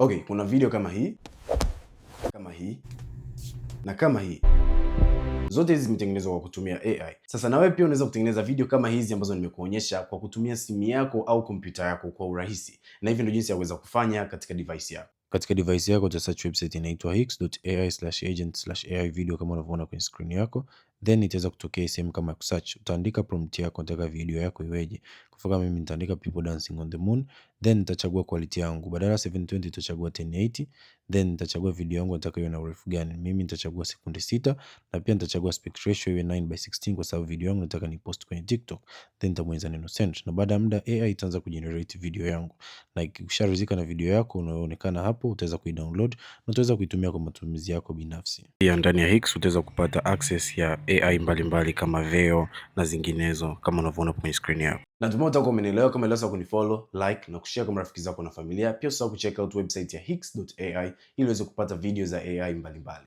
Okay, kuna video kama hii kama hii na kama hii, zote hizi zimetengenezwa kwa kutumia AI. Sasa na wewe pia unaweza kutengeneza video kama hizi ambazo nimekuonyesha kwa kutumia simu yako au kompyuta yako kwa urahisi, na hivi ndio jinsi ya kuweza kufanya katika device yako. Katika device yako uta search website inaitwa hix.ai/agent/ai video kama unavyoona kwenye screen yako, then itaweza kutokea sehemu kama kusearch. utaandika prompt yako, nataka video yako iweje. Kwa mfano mimi nitaandika people dancing on the moon, then nitachagua quality yangu, badala ya 720 nitachagua 1080, then nitachagua video yangu nataka iwe na urefu gani. Mimi nitachagua sekunde sita na pia nitachagua aspect ratio iwe 9 by 16 kwa sababu video yangu nataka ni post kwenye TikTok, then nitabonyeza neno send, na baada ya muda AI itaanza kugenerate video yangu, na ikisharizika na video yako unayoonekana hapo, utaweza kuidownload na utaweza kuitumia kwa matumizi yako binafsi. Pia ndani ya Hicks utaweza kupata access ya AI mbalimbali mbali kama Veo na zinginezo kama unavyoona kwenye screen yako. Natumai utakuwa umenielewa. Kama ilivyo kunifollow, like na kushare kwa marafiki zako na familia. Pia usahau kucheck out website ya hicks.ai ili uweze kupata video za AI mbalimbali mbali.